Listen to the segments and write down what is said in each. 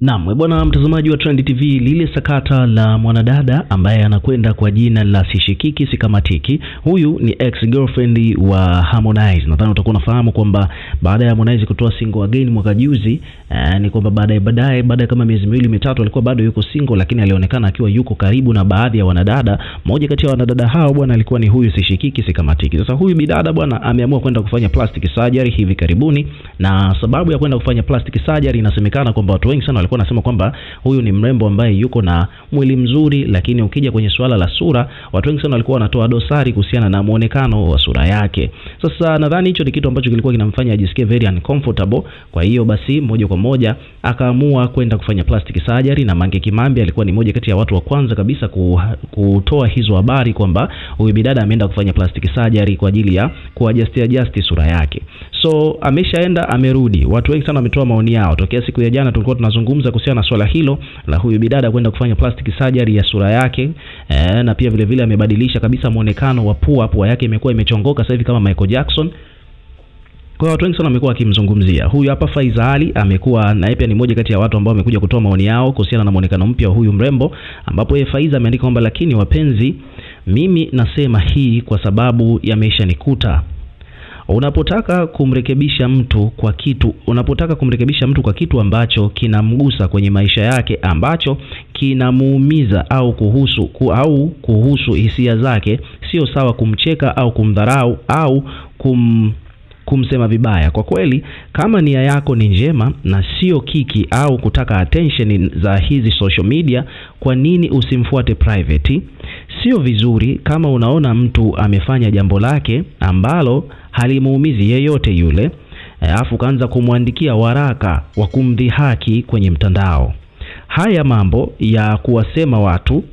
Naam, eh, bwana mtazamaji wa Trend TV, lile sakata la mwanadada ambaye anakwenda kwa jina la Sishikiki Sikamatiki, huyu ni ex girlfriend wa Harmonize. Nadhani utakuwa unafahamu kwamba baada ya Harmonize kutoa single again mwaka juzi, eh, ni kwamba baadaye baadaye baada ya kama miezi miwili mitatu alikuwa bado yuko single, lakini alionekana akiwa yuko karibu na baadhi ya wanadada. Mmoja kati ya wanadada hao bwana alikuwa ni huyu Sishikiki Sikamatiki. Sasa huyu bidada bwana ameamua kwenda kufanya plastic surgery hivi karibuni, na sababu ya kwenda kufanya plastic surgery inasemekana kwamba watu wengi sana alikuwa anasema kwamba huyu ni mrembo ambaye yuko na mwili mzuri, lakini ukija kwenye suala la sura, watu wengi sana walikuwa wanatoa dosari kuhusiana na muonekano wa sura yake. Sasa nadhani hicho ni kitu ambacho kilikuwa kinamfanya ajisikie very uncomfortable. Kwa hiyo basi, moja kwa moja akaamua kwenda kufanya plastic surgery, na Mange Kimambi alikuwa ni moja kati ya watu wa kwanza kabisa kutoa hizo habari kwamba huyu bidada ameenda kufanya plastic surgery kwa ajili ya kuadjust adjust sura yake so ameshaenda amerudi. Watu wengi sana wametoa maoni yao tokea siku ya jana, tulikuwa tunazungumza kuhusiana na swala hilo la huyu bidada kwenda kufanya plastic surgery ya sura yake e, na pia vile vile amebadilisha kabisa mwonekano wa pua. Pua yake imekuwa imechongoka sasa hivi kama Michael Jackson. Kwa watu wengi sana wamekuwa wakimzungumzia huyu hapa. Faiza Ali amekuwa naye pia ni moja kati ya watu ambao wamekuja kutoa maoni yao kuhusiana na mwonekano mpya wa huyu mrembo, ambapo yeye Faiza ameandika kwamba lakini wapenzi, mimi nasema hii kwa sababu yameisha yameshanikuta Unapotaka kumrekebisha mtu kwa kitu, unapotaka kumrekebisha mtu kwa kitu ambacho kinamgusa kwenye maisha yake, ambacho kinamuumiza au kuhusu ku, au kuhusu hisia zake, sio sawa kumcheka au kumdharau au kum kumsema vibaya. Kwa kweli, kama nia yako ni njema na sio kiki au kutaka attention za hizi social media, kwa nini usimfuate private? Sio vizuri kama unaona mtu amefanya jambo lake ambalo halimuumizi yeyote yule, eh, alafu kaanza kumwandikia waraka wa kumdhihaki kwenye mtandao. Haya mambo ya kuwasema watu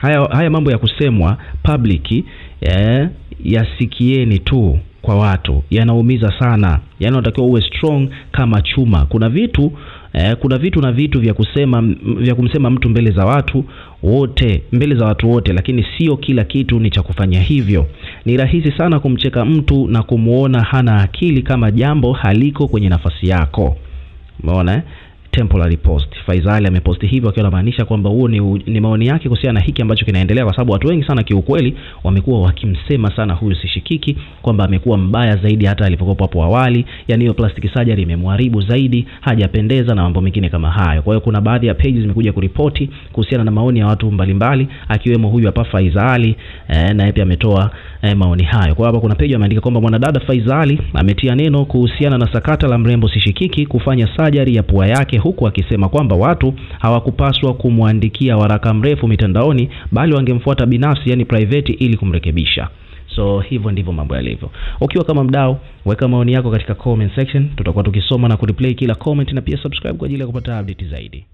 haya, haya mambo ya kusemwa public eh, yasikieni tu kwa watu yanaumiza sana, yani unatakiwa uwe strong kama chuma. Kuna vitu eh, kuna vitu na vitu vya kusema vya kumsema mtu mbele za watu wote, mbele za watu wote, lakini sio kila kitu ni cha kufanya hivyo. Ni rahisi sana kumcheka mtu na kumuona hana akili kama jambo haliko kwenye nafasi yako, umeona eh? temporary post. Faisal ameposti hivyo akiwa anamaanisha kwamba huo ni, ni maoni yake kuhusiana na hiki ambacho kinaendelea, kwa sababu watu wengi sana kiukweli wamekuwa wakimsema sana huyu Sishikiki kwamba amekuwa mbaya zaidi hata alivyokuwa hapo awali, yani hiyo plastic surgery imemharibu zaidi, hajapendeza na mambo mengine kama hayo. Kwa hiyo kuna baadhi ya pages zimekuja kuripoti kuhusiana na maoni ya watu mbalimbali akiwemo huyu hapa Faisal eh, na yeye pia ametoa eh, maoni hayo. Kwa hapa kuna page ameandika kwamba mwanadada Faisal ametia neno kuhusiana na sakata la mrembo Sishikiki kufanya surgery ya pua yake huku akisema kwamba watu hawakupaswa kumwandikia waraka mrefu mitandaoni, bali wangemfuata binafsi, yani private, ili kumrekebisha. So hivyo ndivyo mambo yalivyo. Ukiwa kama mdau, weka maoni yako katika comment section, tutakuwa tukisoma na kureplay kila comment, na pia subscribe kwa ajili ya kupata update zaidi.